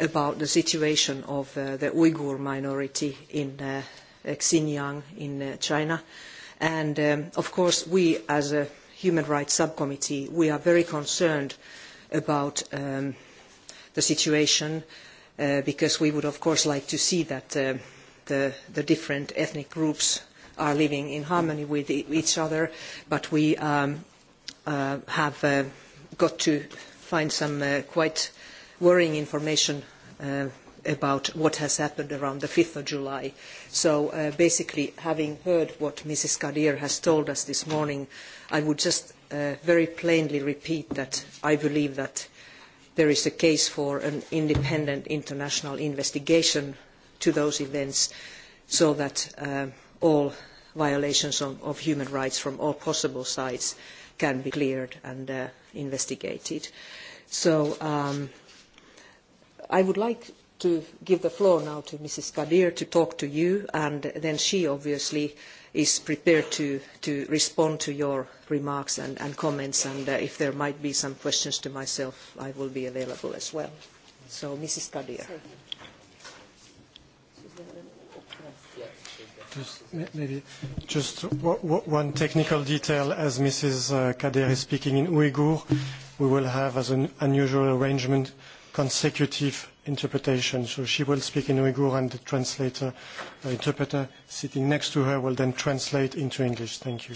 about the situation of the Uyghur minority in Xinjiang in China. And of course we as a Human Rights Subcommittee, we are very concerned about the situation because we would of course like to see that the different ethnic groups are living in harmony with each other, but we have got to find some quite worrying information about what has happened around the 5th of July. So basically, having heard what Mrs. Kadir has told us this morning, I would just very plainly repeat that I believe that there is a case for an independent international investigation to those events so that all violations of human rights from all possible sides can be cleared and investigated. So I would like to give the floor now to Mrs. Kadir to talk to you, and then she obviously is prepared to respond to your remarks and comments, and if there might be some questions to myself, I will be available as well. So, Mrs. Kadir. just one technical detail. As Mrs. Kadir is speaking in Uyghur, we will have, as an unusual arrangement, consecutive interpretation. So she will speak in Uyghur and the translator, interpreter sitting next to her will then translate into English. Thank you.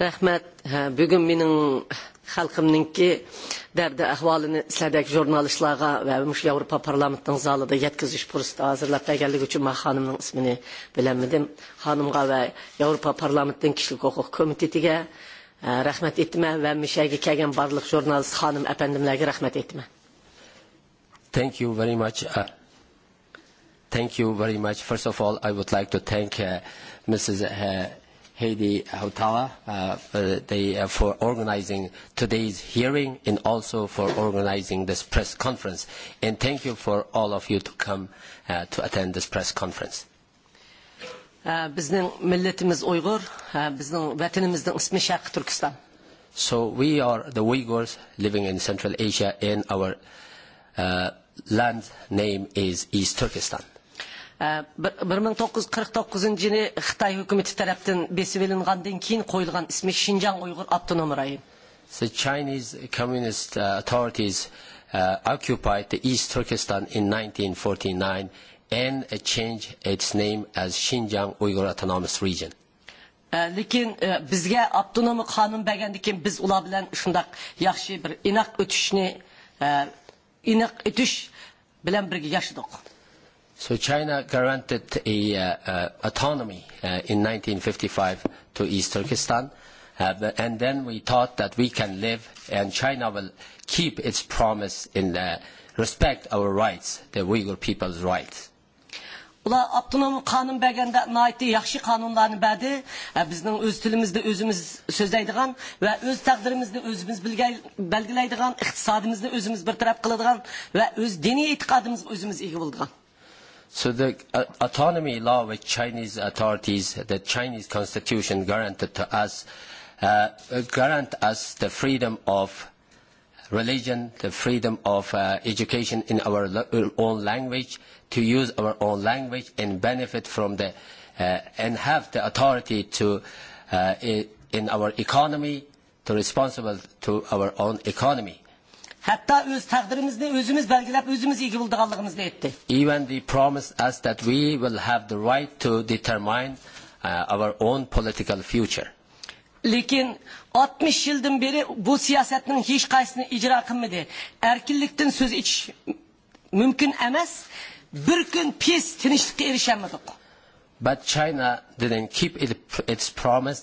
Rahmat, bugun xalqimninki dərdə əhvalını sədək jurnalistlarga və müş Avropa parlamentinin zalida yetkazish fursati hozirlab berganligi üçün man xanımın ismini bilolmadim Xanımğa və Avropa parlamentinin kişilik huquq komitetinə rəhmət etmə və mishaga kelgan barlıq jurnalist xanım apandimlarga rəhmət etmə. thank you very much Uh, thank you very much first of all i would like to thank uh, mrs Uh, Heidi Hautala for organizing today's hearing and also for organizing this press conference. And thank you for all of you to come to attend this press conference. So we are the Uyghurs living in Central Asia and our land name is East Turkestan bir ming to'qqiz yuz qirq to'qqizinchi yili xitoy hukumati tarafdan besib ilingandan keyin qo'yilgan ismi shinjang uyg'ur abtonom rayon the chinese communist uh, authorities uh, occupied the east turkestan in 1949 and uh, changed its name as xinjiang uyghur autonomous region lekin bizga avtonomiya qonun bergandan keyin biz ular bilan shundoq yaxshi bir inoq o'tishni inoq o'tish bilan birga yashadik So China granted autonomy in 1955 to East Turkestan, and then we thought that we can live and China will keep its promise in respect our rights, the Uyghur people's rights. Ular avtonom qonun berganda noiti yaxshi qonunlarni berdi. Bizning o'z tilimizda o'zimiz so'zlaydigan va o'z taqdirimizni o'zimiz belgilaydigan, iqtisodimizni o'zimiz bir taraf qiladigan va o'z diniy e'tiqodimizni o'zimiz ega bo'ladigan. So the autonomy law which Chinese authorities, the Chinese constitution guaranteed to us, grant us the freedom of religion, the freedom of education in our own language, to use our own language and benefit from the, and have the authority to, in our economy, to responsible to our own economy. Hatta öz takdirimizni özümüz belgilep özümüz iyi bulduğumuzda etti. Even they promised us that we will have the right to determine uh, our own political future. Lekin 60 yıldan beri bu siyasetin hiç kaysını icra kılmadı. Erkinlikten söz iç mümkün emez. Bir gün pis tinişlikte erişemedik. But China didn't keep it, its promise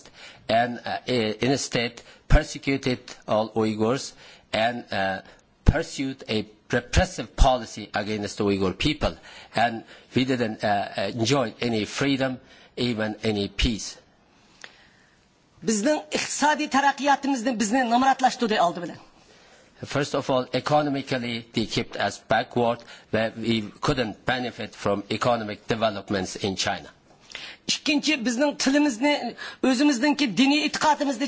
and uh, instead persecuted all Uyghurs and pursued a repressive policy against the Uyghur people. And we didn't enjoy any freedom, even any peace. First of all, economically, they kept us backward, where we couldn't benefit from economic developments in China. İkinci, bizning tilimizni, diniy e'tiqodimizni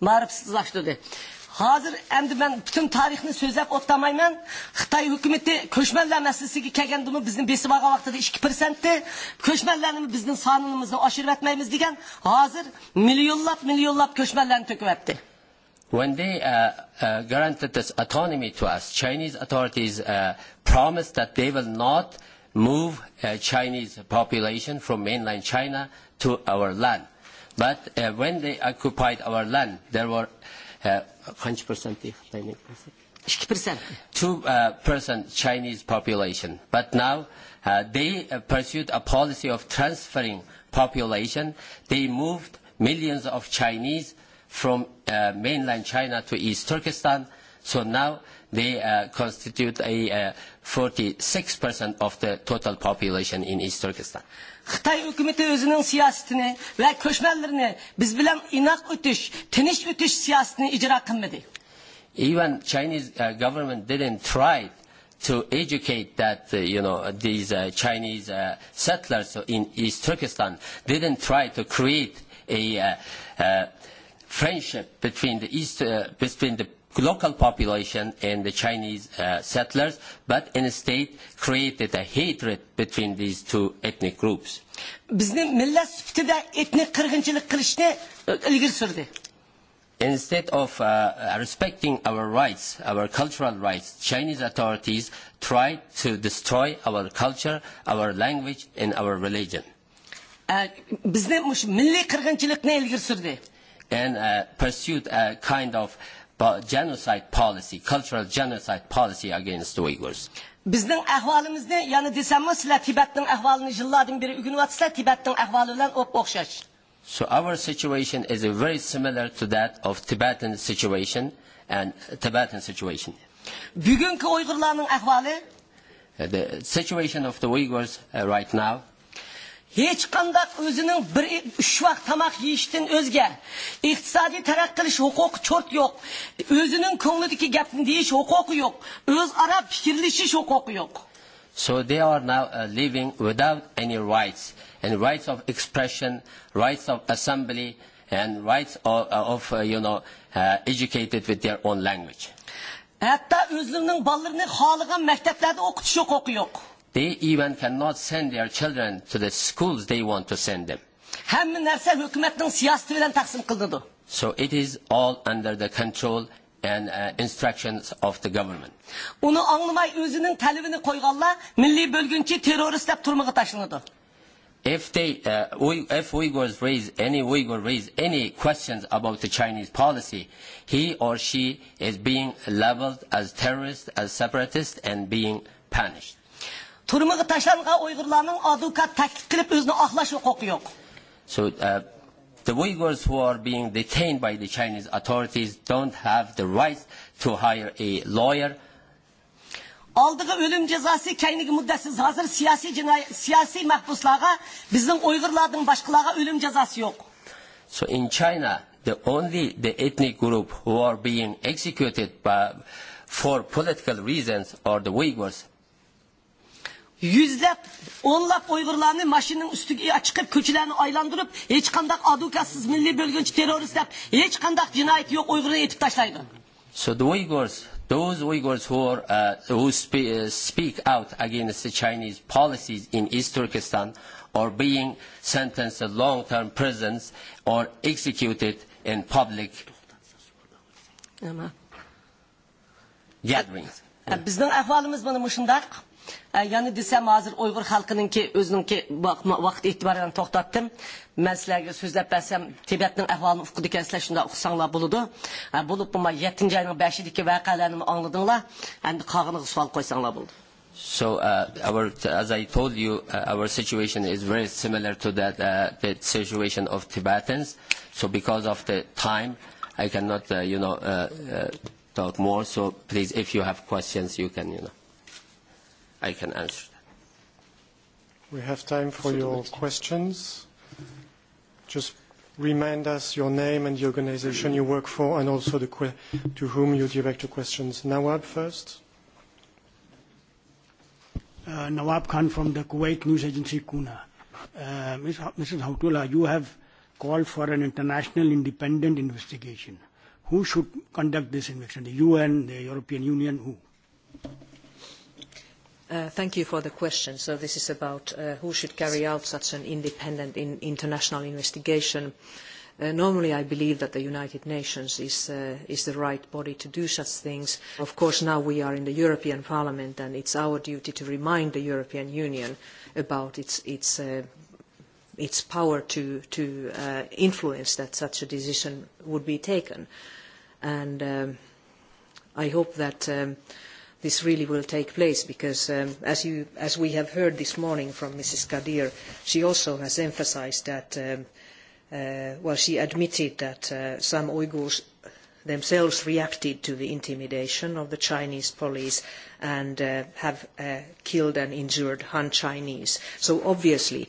marifsizlaştırdı. Hazır endi ben bütün tarihini sözlep otlamayman. Xitay hükümeti köşmeller meselesiga kelgandimi bizni besibaga vaqtida 2%ti köşmellerni bizni sanımızı aşırı etmemiz degen hazır milyonlap milyonlap köşmellerini töküp etti. When they uh, uh, granted this autonomy to us, Chinese authorities uh, promised that they will not move uh, Chinese population from mainland China to our land But when they occupied our land, there were 2% Chinese population. But now they pursued a policy of transferring population. They moved millions of Chinese from mainland China to East Turkestan. So now They constitute a 46% of the total population in East Turkestan. Xitay hükümeti özünün siyasetini ve köşmelerini biz bilen inak ötüş, tiniş ötüş siyasetini icra kılmadı. Even Chinese government didn't try to educate that you know these Chinese settlers in East Turkestan didn't try to create a friendship between the East between the local population and the Chinese settlers, but in a state created a hatred between these two ethnic groups. Instead of respecting our rights, our cultural rights, Chinese authorities tried to destroy our culture, our language and our religion. And pursued a kind of genocide policy, cultural genocide policy against Uyghurs. Bizning ahvolimizni, ya'ni desammi, sizlar Tibetning ahvolini ügünü atsa Tibet'ten Tibetning ahvoli bilan o'xshash. So our situation is very similar to that of Tibetan situation and Tibetan situation. Bugungi Uyg'urlarning ahvoli the situation of the Uyghurs right now hech qanday o'zining bir uch vaqt tamoq yeyishdan o'zga iqtisodiy taraq qilish huquqi cho'rt yo'q o'zining ko'nglidagi gapni deyish huquqi yo'q o'zaro fikrlashish huquqi yo'q so they are now living without any rights and rights of expression rights of assembly and rights of, you know educated with their own language hatto o'zining bolalarini xohlagan maktablarda o'qitish huquqi yo'q They even cannot send their children to the schools they want to send them. So it is all under the control and instructions of the government. If they, uh, if Uyghurs raise any Uyghur raise any questions about the Chinese policy, he or she is being labeled as terrorist, as separatist, and being punished turmaga tashlangan Uyg'urlarning advokat taklif qilib o'zini oqlash huquqi yo'q. So uh, the Uyghurs who are being detained by the Chinese authorities don't have the right to hire a lawyer. Oldiga o'lim jazosi kendini muddatsiz hozir siyosiy jinoyat siyosiy mahbuslarga bizning uyg'urlarning boshqalarga o'lim jazosi yo'q So in China the only the ethnic group who are being executed by, for political reasons are the Uyghurs yüzlab o'nlab Uygurlarını mashinaning ustiga çıkıp ko'chalarni aylantirib hech kandak adukasız milliy bölgünç terrorist deb hech cinayeti jinoyat yo'q uyg'urni etib tashlaydi so the uyghurs those uyghurs who, are, uh, who speak, uh, speak out against the chinese policies in east turkestan are being sentenced to long term prisons or executed in public gatherings bizning ahvolimiz bana mışındak. Yani desem hazır Uygur halkının ki özünün ki vakit itibaren toktattım. Mən sizlərə sözlə bəsəm Tibetnin əhvalını oxudu ki, şimdə şunda buludu. Bulub buma 7-ci ayının 5 ki vəqələrini anladınla. Əndi sual buludu. So uh, our, as I told you, uh, our situation is very similar to that uh, the situation of Tibetans. So because of the time, I cannot, uh, you know, uh, uh, talk more. So please, if you have questions, you can, you know. I can answer that. We have time for your questions. Just remind us your name and the organization you work for and also the to whom you direct your questions. Nawab first. Nawab Khan from the Kuwait news agency Kuna. Mrs. Hautula, you have called for an international independent investigation. Who should conduct this investigation? The UN, the European Union, who? Thank you for the question. So this is about who should carry out such an independent international investigation. Normally I believe that the United Nations is the right body to do such things. Of course now we are in the European Parliament and it's our duty to remind the European Union about its power to influence that such a decision would be taken. And I hope that this really will take place because as we have heard this morning from Mrs. Kadir, she also has emphasised that, well, she admitted that some Uyghurs themselves reacted to the intimidation of the Chinese police and have killed and injured Han Chinese. So obviously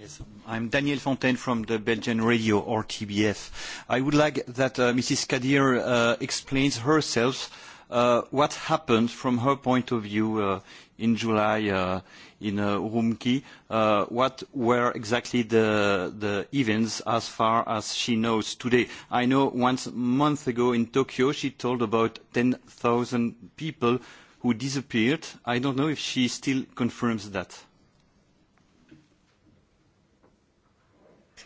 Yes, I'm Daniel Fontaine from the Belgian radio or TBF. I would like that Mrs. Kadir explains herself what happened from her point of view in July in Rumki. What were exactly the events as far as she knows today? I know once a month ago in Tokyo she told about 10,000 people who disappeared. I don't know if she still confirms that.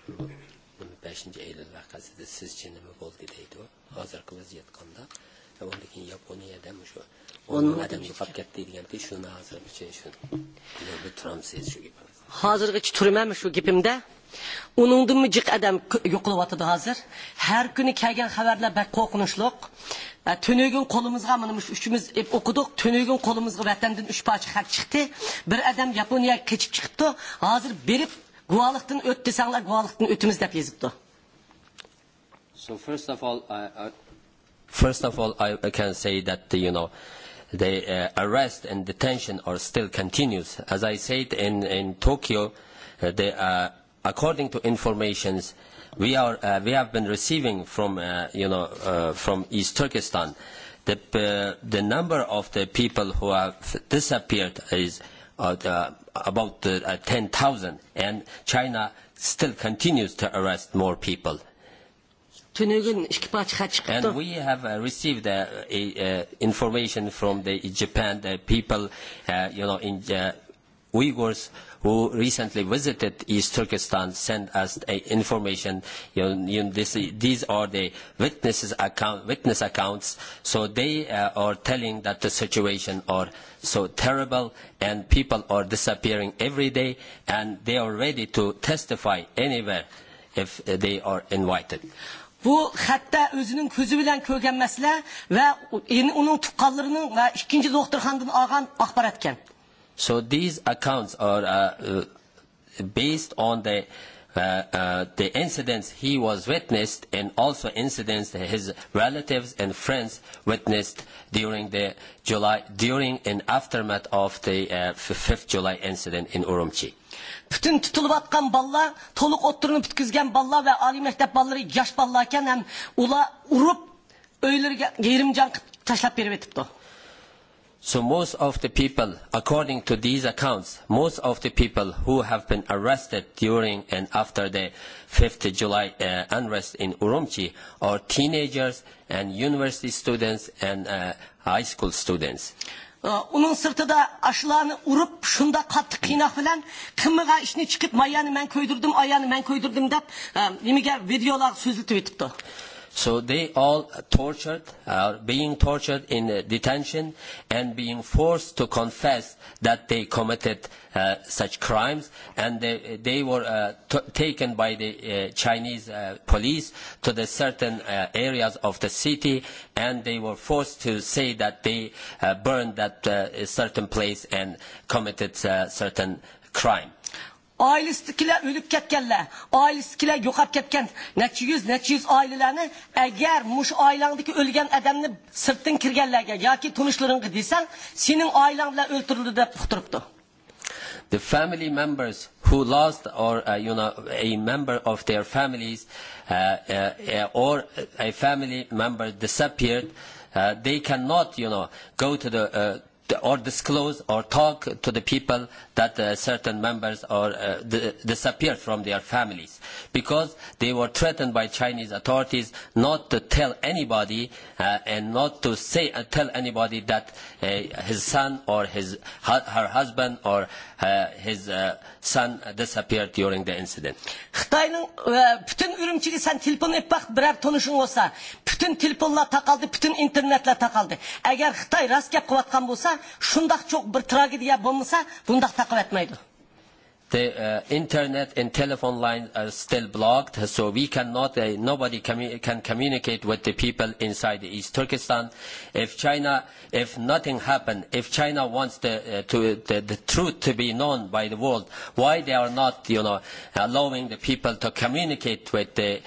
5 iyul vaqasida sizcha nima bo'ldi deydi u hozirgi vaziyatqanda undan keyin yaponiyada shu o'n ming odam yo'qolib ketdi deganki shuni hozirgacha shu gapimda jiq hozir har kuni kelgan xabarlar qo'limizga mana shu uchimiz o'qidik qo'limizga uch xat chiqdi bir odam yaponiyaga kechib hozir berib guvalıktan öt desenler ötümüz So first of all, I, first of all, I can say that you know the uh, arrest and detention are still continues. As I said in in Tokyo, uh, the, uh, according to informations we are uh, we have been receiving from uh, you know uh, from East Turkestan, the uh, the number of the people who have disappeared is about 10,000, and China still continues to arrest more people. And we have received information from the Japan that people, you know, in Uyghurs who recently visited East Turkestan, sent us a information. You, These are the witness accounts. So they are telling that the situation are so terrible and people are disappearing every day and they are ready to testify anywhere if they are invited. Bu hatta özünün ko'zi bilan ko'rganmaslar va uning onun va ikkinchi ikinci olgan handın ağan So these accounts are based on the the incidents he was witnessed and also incidents that his relatives and friends witnessed during the July during and aftermath of the 5th July incident in Urumqi. Bütün tutulup atkan ballar, toluk otturunu bitkizgen ballar ve ali mektep balları yaş ballarken hem ula urup öylere yerimcan taşlap beri vetipti. So most of the people, according to these accounts, most of the people who have been arrested during and after the 5th July unrest in Urumqi are teenagers and university students and high school students. Onun sırtı da aşılarını urup şunda katı kıynak filan kımığa işine çıkıp mayanı men köydürdüm, ayanı men köydürdüm dep yemeğe videolar sözlü tweetipti. So they all tortured, are being tortured in detention and being forced to confess that they committed such crimes and they were taken by the Chinese police to the certain areas of the city and they were forced to say that they burned that certain place and committed certain crime ölüp o'lib ketganlar yok hep ketken. necha yuz necha yuz ailelerini eğer muş oilangdagi o'lgan odamni sirtdan kirgenlerge ya ki desang gidiysen senin bilan o'ltirildi de puhturuptu. the family members who lost or uh, you know a member of their families uh, uh, or a family member disappeared uh, they cannot you know go to the uh, or disclose or talk to the people that certain members disappeared from their families because they were threatened by Chinese authorities not to tell anybody and not to say tell anybody that his son or his her husband or his son disappeared during the incident. Xitayning bütün bütün bütün şundaq çox The internet and telephone lines are still blocked, so we cannot, nobody can communicate with the people inside East Turkestan. If China, if nothing happened, if China wants the truth to be known by the world, why they are not, you know, allowing the people to communicate with their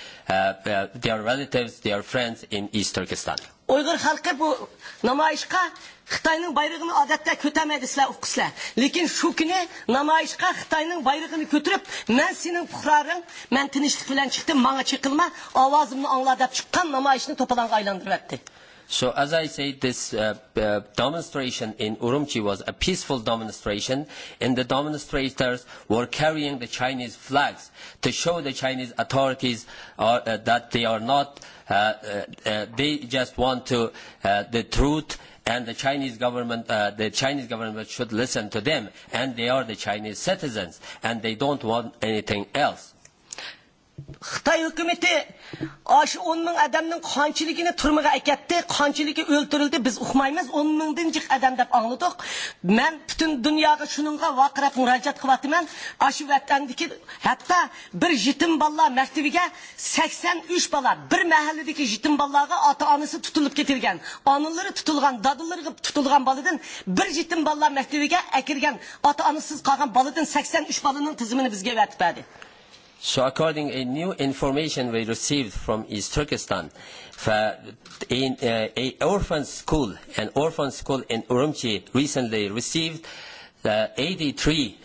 relatives, their friends in East Turkestan? Uygur halkı bu namayışka Xitayning bayrog'ini odatda ko'tarmaydi sizlar o'qisizlar lekin shu kuni namoyishga xitoyning bayrog'ini ko'tarib man sening puhroring man tinchlik bilan chiqdim manga chiqilma ovozimni angla deb chiqqan namoyishni to'polonga aylantiryapti So as I say, this demonstration in Urumqi was a peaceful demonstration, and the demonstrators were carrying the Chinese flags to show the Chinese authorities that they are not, they just want to the truth, and the Chinese government, the Chinese government should listen to them, and they are the Chinese citizens, and they don't want anything else xitoy hukumati shu o'n ming odamning qanchiligini turmaga akatdi qanchaligi o'ltirildi biz uqmaymiz o'n mingdan jiq odam deb angladiq man butun dunyoga shuninga vaqirab murojaat qilyapman shu vatandiki hatto bir yetim bolalar maktabiga 83 uch bir mahalladagi yetim bolalarga ota onasi tutilib ketilgan onalari tutilgan dodilariga tutilgan boladan bir yetim bolalar maktabiga akirgan ota onasiz qolgan boladan tizimini So according to new information we received from East Turkestan, an orphan school, an orphan school in Urumqi recently received 83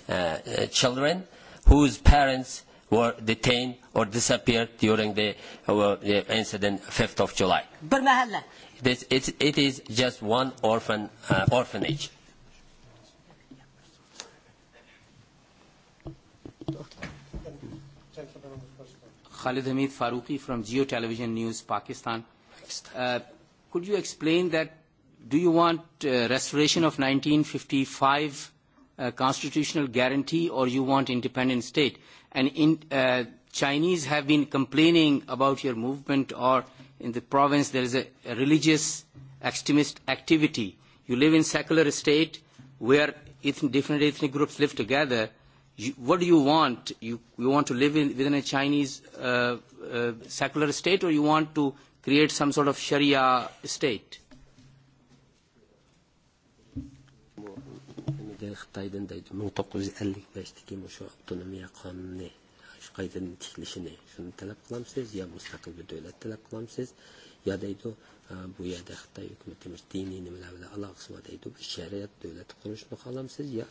children whose parents were detained or disappeared during the incident 5th of July. It is just one orphan orphanage. Khalid Hamid Faruqi from Geo Television News, Pakistan. Could you explain that do you want restoration of 1955 constitutional guarantee or you want independent state? And Chinese have been complaining about your movement or in the province there is a religious extremist activity. You live in secular state where different ethnic groups live together What do you want? You want to live in, within a Chinese secular state or you want to create some sort of Sharia state? qaytadan tiklishini shuni talab qilamsiz yo mustaqil bir davlat talab qilamsiz yo deydi bu yerda xitoy hukumati diniy nimalar bilan aloqasi bor deydi shariat davlati qurishni xohlamsiz yo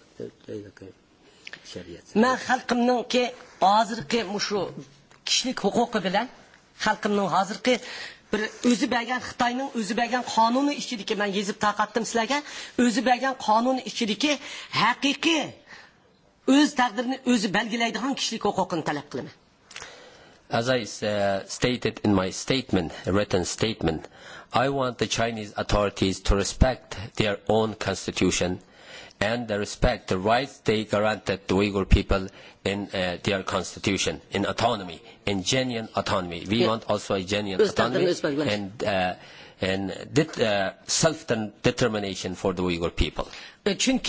με xalqimninki hozirgi shu kishilik huquqi bilan xalqimning hozirgi bir o'zi bergan xitoyning o'zi bergan qonuni ichidagi sizlarga o'zi As I stated in my statement, a written statement, I want the Chinese authorities to respect their own constitution and the respect the rights they granted the Uyghur people in their constitution, in autonomy, in genuine autonomy. We want also a genuine autonomy and and self-determination for the Uyghur people. Çünkü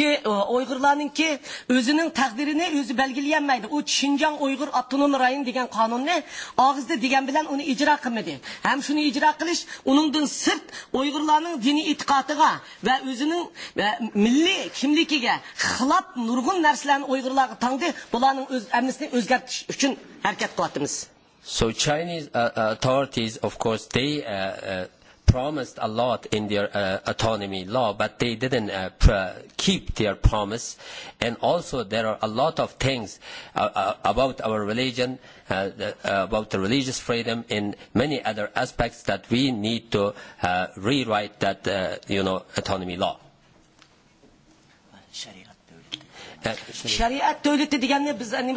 ki özünün takdirini özü belgileyemeydi. O Çincan Uygur Abdunun Rayın degen kanun ne? Ağızda degen bilen onu icra kımedi. Hem şunu icra kılış, onundan sırt Uygurların dini itikatıga ve özünün milli kimlikige hılap nurgun derslerini Uygurlarına tanıdı. Bunların öz, emnisini özgertiş için hareket kılattınız. So Chinese uh, authorities of course they uh, uh, promised a lot in their autonomy law, but they didn't keep their promise. And also there are a lot of things about our religion, about the religious freedom, and many other aspects that we need to rewrite that, you know, autonomy law. шариат біз әне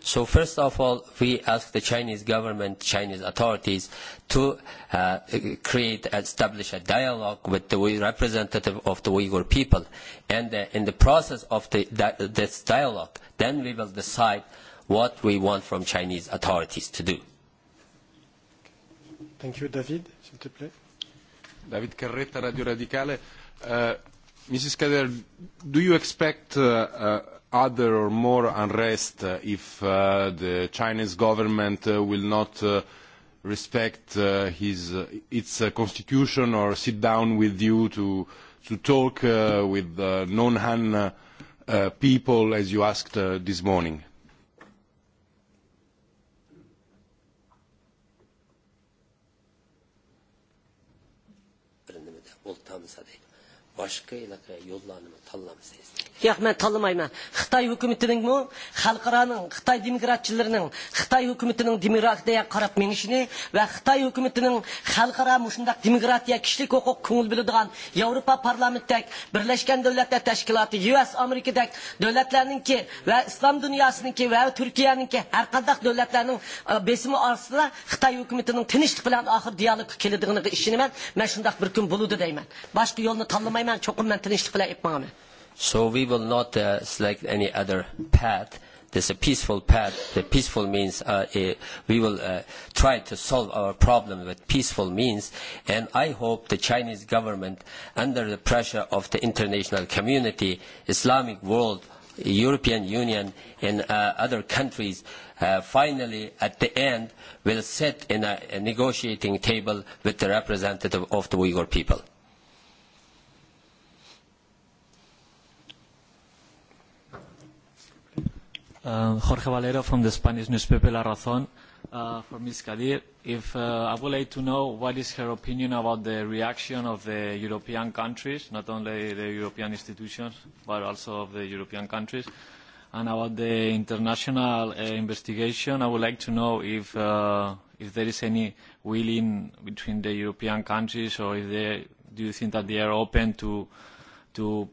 So first of all, we ask the Chinese government, Chinese authorities to create, establish a dialogue with the representative of the Uyghur people. And in the process of this dialogue, then we will decide what we want from Chinese authorities to do. Thank you, David. S'il plaît. David Carretta, Radio Radicale. Mrs. Kader, do you expect other or more unrest if the Chinese government will not respect its constitution or sit down with you to talk with the non-Han people, as you asked this morning. Başka ilaka tanlamaysiz yo'q man Xitay xitoy mi? xalqaroning Xitay demokratchilarining Xitay hukumatining demokratiyaga qarab menişini va Xitay hukumatining xalqaro shundoq demokratiya kişilik huquq ko'ngil bilidigan yevropa parlamentdak birlashgan davlatlar tashkiloti us amerikadak davlatlarninki va islom dunyosiniki va turkiyaninki har qandaq davlatlarning besimi ostida xitoy hukumatining tinchlik bilan oxir dialogga keladiganiga ishonaman man shundoq bir kun bo'ludi deyman boshqa yo'lni tanlamayman cho'qim man tinchlik bilan epmanman So we will not select any other path. is a peaceful path. The peaceful means we will try to solve our problem with peaceful means. And I hope the Chinese government, under the pressure of the international community, Islamic world, European Union and other countries, finally at the end will sit in a negotiating table with the representative of the Uyghur people. Jorge Valero from the Spanish newspaper La Razón for Ms. Kadir. If I would like to know what is her opinion about the reaction of the European countries, not only the European institutions, but also of the European countries. And about the international investigation, I would like to know if if there is any willing between the European countries or if they do you think that they are open to to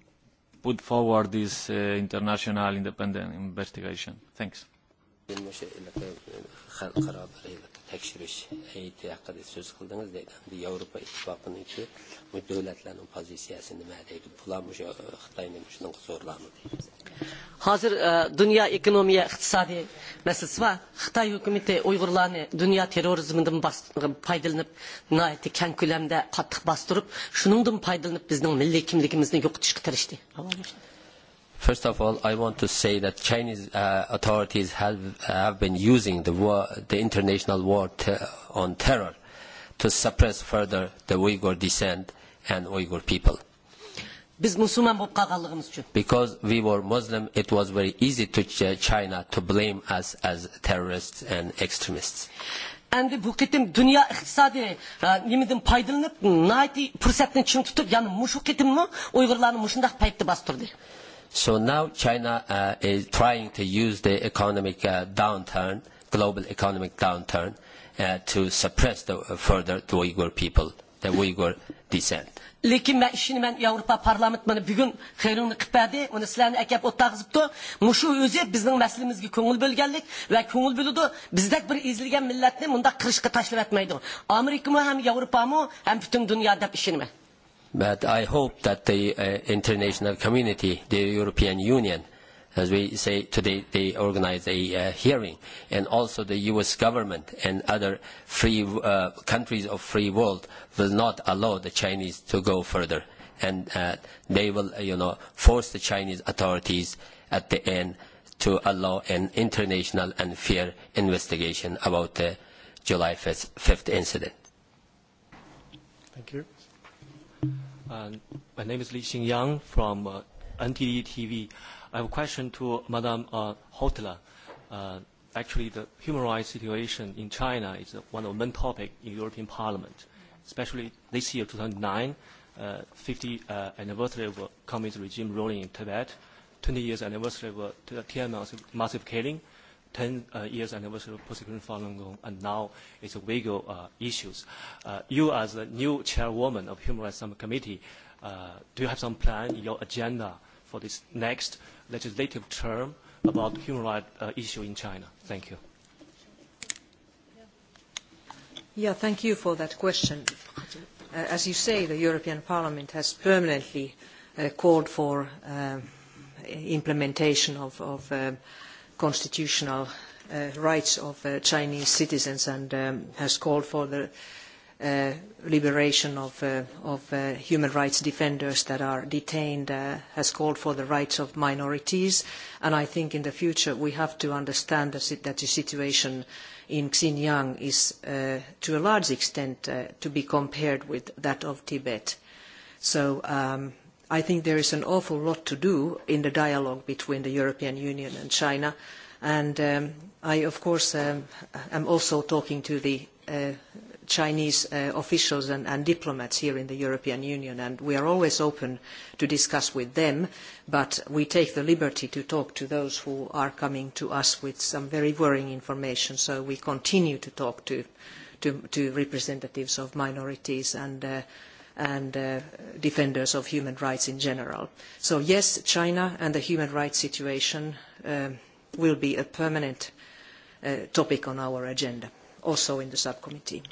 put forward this international independent investigation. Thanks tekşiriş heyeti hakkında söz kıldınız dedi. Avrupa ki dünya var. Uyğurlarını dünya terrorizmindən faydalanıb nəhayət kən küləmdə qatlıq bastırıb, şunundan faydalanıb bizim milli kimliyimizi First of all, I want to say that Chinese authorities have have been using the the international war on terror to suppress further the Uyghur descent and Uyghur people. Because we were Muslim, it was very easy to China to blame us as terrorists and extremists. And the ketim dünya iktisadi nimeden faydalanıp, naiti fırsatını çim tutup, yani muşu ketim mi, Uygurlarını muşundak So now China is trying to use the economic downturn, global economic downturn, to suppress the, further the Uyghur people, the Uyghur descent. lekin man ishini man yevropa parlamenti mana bugun xeyrulni qilib berdi uni sizlarni akab o'tqazibdi mushu o'zi bizning maslimizga ko'ngil bo'lganlik va ko'ngil bo'ludi bizdek bir ezilgan millatni bunda qirishga tashlab yotmaydi amerikami ham yevropami ham butun dunyo deb ishonaman But I hope that the international community, the European Union, as we say today, they organize a hearing, and also the U.S. government and other free countries of free world will not allow the Chinese to go further, and they will, you know, force the Chinese authorities at the end to allow an international and fair investigation about the July 5th incident. Thank you. My name is Li Xingyang from NTD TV. I have a question to Madam Hautala. Actually, the human rights situation in China is one of the main topics in European Parliament, especially this year, 2009, 50 anniversary of communist regime ruling in Tibet, 20 years anniversary of Tiananmen massive killing, 10 years anniversary of persecution Falun Gong, and now it's legal issues. You, as the new chairwoman of Human Rights Summit Committee, do you have some plan in your agenda for this next legislative term about human rights issue in China? Thank you. Yeah, thank you for that question. As you say, the European Parliament has permanently called for implementation of constitutional rights of Chinese citizens and has called for the liberation of human rights defenders that are detained, has called for the rights of minorities. And I think in the future we have to understand that the situation in Xinjiang is to a large extent to be compared with that of Tibet. So I think there is an awful lot to do in the dialogue between the European Union and China. And I, of course, am also talking to the Chinese officials and diplomats here in the European Union, and we are always open to discuss with them, but we take the liberty to talk to those who are coming to us with some very worrying information. So we continue to talk to representatives of minorities and and defenders of human rights in general. So yes, China and the human rights situation will be a permanent topic on our agenda, also in the subcommittee.